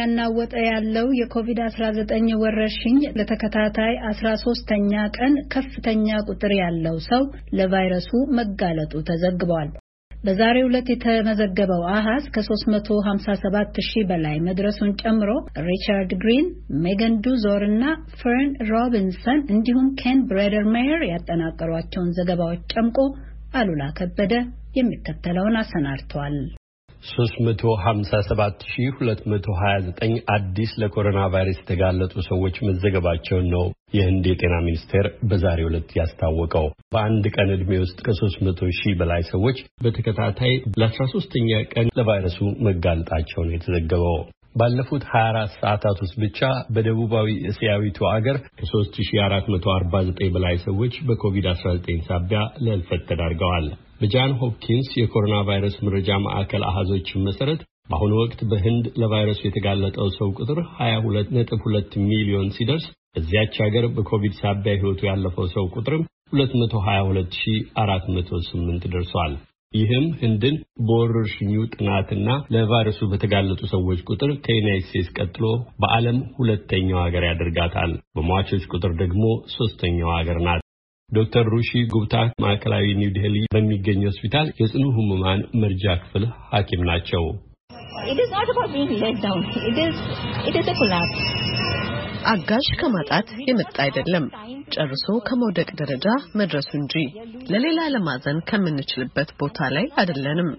እያናወጠ ያለው የኮቪድ-19 ወረርሽኝ ለተከታታይ 13ተኛ ቀን ከፍተኛ ቁጥር ያለው ሰው ለቫይረሱ መጋለጡ ተዘግቧል። በዛሬ ዕለት የተመዘገበው አሃዝ ከ357 ሺህ በላይ መድረሱን ጨምሮ ሪቻርድ ግሪን፣ ሜገን ዱዞር እና ፈርን ሮቢንሰን እንዲሁም ኬን ብሬደር ሜየር ያጠናቀሯቸውን ዘገባዎች ጨምቆ አሉላ ከበደ የሚከተለውን አሰናድቷል። 357229 አዲስ ለኮሮና ቫይረስ የተጋለጡ ሰዎች መዘገባቸውን ነው የህንድ የጤና ሚኒስቴር በዛሬው ዕለት ያስታወቀው። በአንድ ቀን ዕድሜ ውስጥ ከ300 ሺህ በላይ ሰዎች በተከታታይ ለ13ኛ ቀን ለቫይረሱ መጋለጣቸው ነው የተዘገበው። ባለፉት 24 ሰዓታት ውስጥ ብቻ በደቡባዊ እስያዊቱ አገር ከ3449 በላይ ሰዎች በኮቪድ-19 ሳቢያ ለህልፈት ተዳርገዋል። በጃን ሆፕኪንስ የኮሮና ቫይረስ መረጃ ማዕከል አሃዞችን መሰረት በአሁኑ ወቅት በህንድ ለቫይረሱ የተጋለጠው ሰው ቁጥር 22.2 ሚሊዮን ሲደርስ በዚያች ሀገር በኮቪድ ሳቢያ ህይወቱ ያለፈው ሰው ቁጥርም 222408 ደርሷል። ይህም ህንድን በወረርሽኙ ጥናትና ለቫይረሱ በተጋለጡ ሰዎች ቁጥር ከዩናይት ስቴትስ ቀጥሎ በዓለም ሁለተኛው ሀገር ያደርጋታል። በሟቾች ቁጥር ደግሞ ሶስተኛው ሀገር ናት። ዶክተር ሩሺ ጉብታ ማዕከላዊ ኒው ዴልሂ በሚገኝ ሆስፒታል የጽኑ ህሙማን መርጃ ክፍል ሐኪም ናቸው። አጋዥ ከማጣት የመጣ አይደለም፣ ጨርሶ ከመውደቅ ደረጃ መድረሱ እንጂ ለሌላ ለማዘን ከምንችልበት ቦታ ላይ አይደለንም።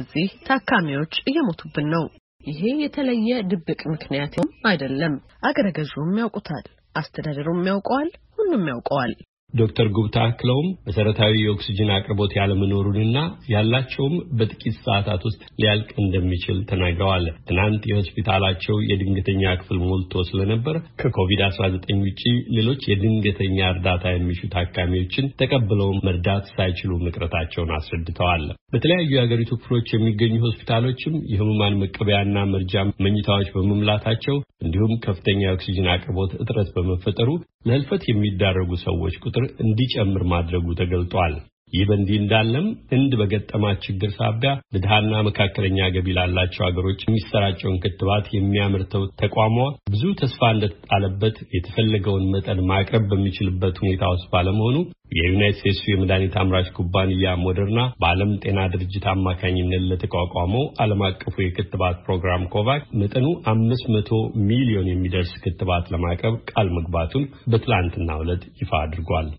እዚህ ታካሚዎች እየሞቱብን ነው። ይሄ የተለየ ድብቅ ምክንያትም አይደለም። አገረ ገዥውም ያውቁታል፣ አስተዳደሩም ያውቀዋል፣ ሁሉም ያውቀዋል። ዶክተር ጉብታ አክለውም መሰረታዊ የኦክስጅን አቅርቦት ያለመኖሩንና ያላቸውም በጥቂት ሰዓታት ውስጥ ሊያልቅ እንደሚችል ተናግረዋል። ትናንት የሆስፒታላቸው የድንገተኛ ክፍል ሞልቶ ስለነበር ከኮቪድ-19 ውጪ ሌሎች የድንገተኛ እርዳታ የሚሹ ታካሚዎችን ተቀብለው መርዳት ሳይችሉ መቅረታቸውን አስረድተዋል። በተለያዩ የሀገሪቱ ክፍሎች የሚገኙ ሆስፒታሎችም የህሙማን መቀበያና መርጃ መኝታዎች በመምላታቸው እንዲሁም ከፍተኛ የኦክስጅን አቅርቦት እጥረት በመፈጠሩ ለህልፈት የሚዳረጉ ሰዎች ቁጥር ቁጥር እንዲጨምር ማድረጉ ተገልጧል። ይህ በእንዲህ እንዳለም ህንድ በገጠማት ችግር ሳቢያ በድሃና መካከለኛ ገቢ ላላቸው ሀገሮች የሚሰራጨውን ክትባት የሚያመርተው ተቋሟ ብዙ ተስፋ እንደተጣለበት የተፈለገውን መጠን ማቅረብ በሚችልበት ሁኔታ ውስጥ ባለመሆኑ የዩናይት ስቴትሱ የመድኃኒት አምራች ኩባንያ ሞደርና በዓለም ጤና ድርጅት አማካኝነት ለተቋቋመው ዓለም አቀፉ የክትባት ፕሮግራም ኮቫክ መጠኑ አምስት መቶ ሚሊዮን የሚደርስ ክትባት ለማቅረብ ቃል መግባቱን በትላንትና ዕለት ይፋ አድርጓል።